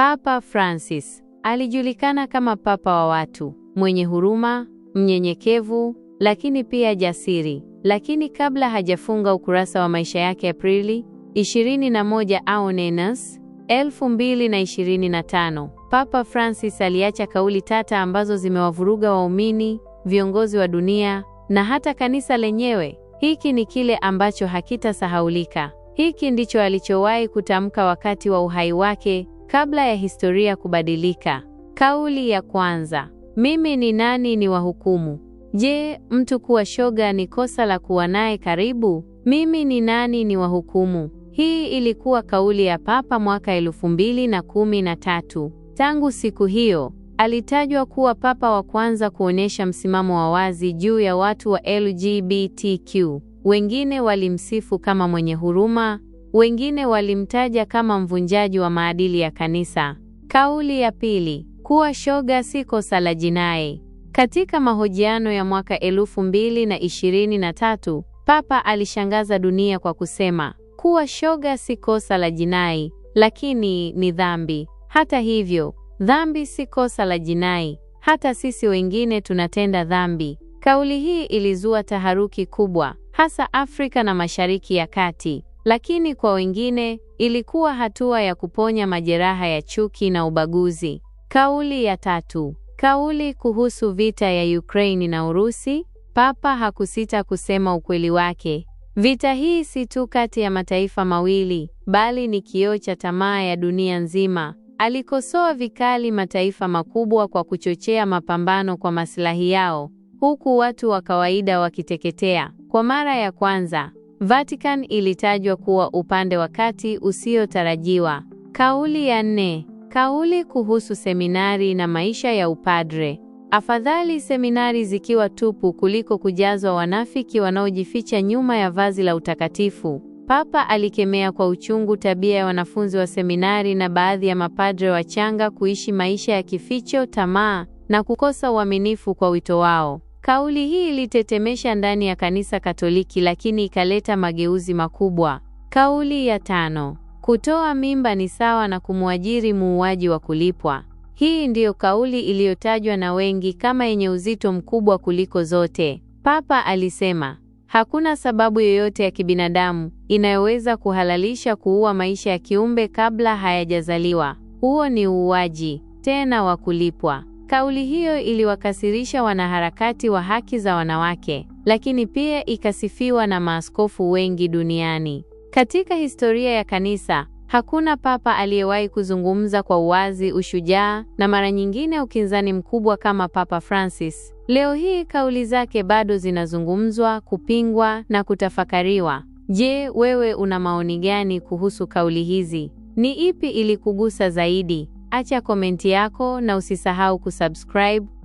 Papa Francis alijulikana kama papa wa watu, mwenye huruma, mnyenyekevu, lakini pia jasiri. Lakini kabla hajafunga ukurasa wa maisha yake Aprili 21 au Nenas 2025, Papa Francis aliacha kauli tata ambazo zimewavuruga waumini, viongozi wa dunia na hata kanisa lenyewe. Hiki ni kile ambacho hakitasahaulika. Hiki ndicho alichowahi kutamka wakati wa uhai wake Kabla ya historia kubadilika. Kauli ya kwanza: mimi ni nani ni wahukumu? Je, mtu kuwa shoga ni kosa la kuwa naye karibu? Mimi ni nani ni wahukumu? Hii ilikuwa kauli ya Papa mwaka elfu mbili na kumi na tatu. Tangu siku hiyo alitajwa kuwa papa wa kwanza kuonyesha msimamo wa wazi juu ya watu wa LGBTQ. Wengine walimsifu kama mwenye huruma, wengine walimtaja kama mvunjaji wa maadili ya kanisa. Kauli ya pili, kuwa shoga si kosa la jinai. Katika mahojiano ya mwaka 2023, Papa alishangaza dunia kwa kusema, kuwa shoga si kosa la jinai, lakini ni dhambi. Hata hivyo, dhambi si kosa la jinai. Hata sisi wengine tunatenda dhambi. Kauli hii ilizua taharuki kubwa, hasa Afrika na Mashariki ya Kati. Lakini kwa wengine ilikuwa hatua ya kuponya majeraha ya chuki na ubaguzi. Kauli ya tatu, kauli kuhusu vita ya Ukraini na Urusi. Papa hakusita kusema ukweli wake. Vita hii si tu kati ya mataifa mawili, bali ni kioo cha tamaa ya dunia nzima. Alikosoa vikali mataifa makubwa kwa kuchochea mapambano kwa maslahi yao, huku watu wa kawaida wakiteketea. Kwa mara ya kwanza, Vatican ilitajwa kuwa upande wa kati usiotarajiwa. Kauli ya nne, kauli kuhusu seminari na maisha ya upadre. Afadhali seminari zikiwa tupu kuliko kujazwa wanafiki wanaojificha nyuma ya vazi la utakatifu. Papa alikemea kwa uchungu tabia ya wanafunzi wa seminari na baadhi ya mapadre wachanga kuishi maisha ya kificho, tamaa na kukosa uaminifu kwa wito wao. Kauli hii ilitetemesha ndani ya kanisa Katoliki lakini ikaleta mageuzi makubwa. Kauli ya tano: kutoa mimba ni sawa na kumwajiri muuaji wa kulipwa. Hii ndiyo kauli iliyotajwa na wengi kama yenye uzito mkubwa kuliko zote. Papa alisema, hakuna sababu yoyote ya kibinadamu inayoweza kuhalalisha kuua maisha ya kiumbe kabla hayajazaliwa. Huo ni uuaji, tena wa kulipwa. Kauli hiyo iliwakasirisha wanaharakati wa haki za wanawake, lakini pia ikasifiwa na maaskofu wengi duniani. Katika historia ya kanisa, hakuna papa aliyewahi kuzungumza kwa uwazi ushujaa na mara nyingine ukinzani mkubwa kama Papa Francis. Leo hii kauli zake bado zinazungumzwa, kupingwa na kutafakariwa. Je, wewe una maoni gani kuhusu kauli hizi? Ni ipi ilikugusa zaidi? Acha komenti yako na usisahau kusubscribe,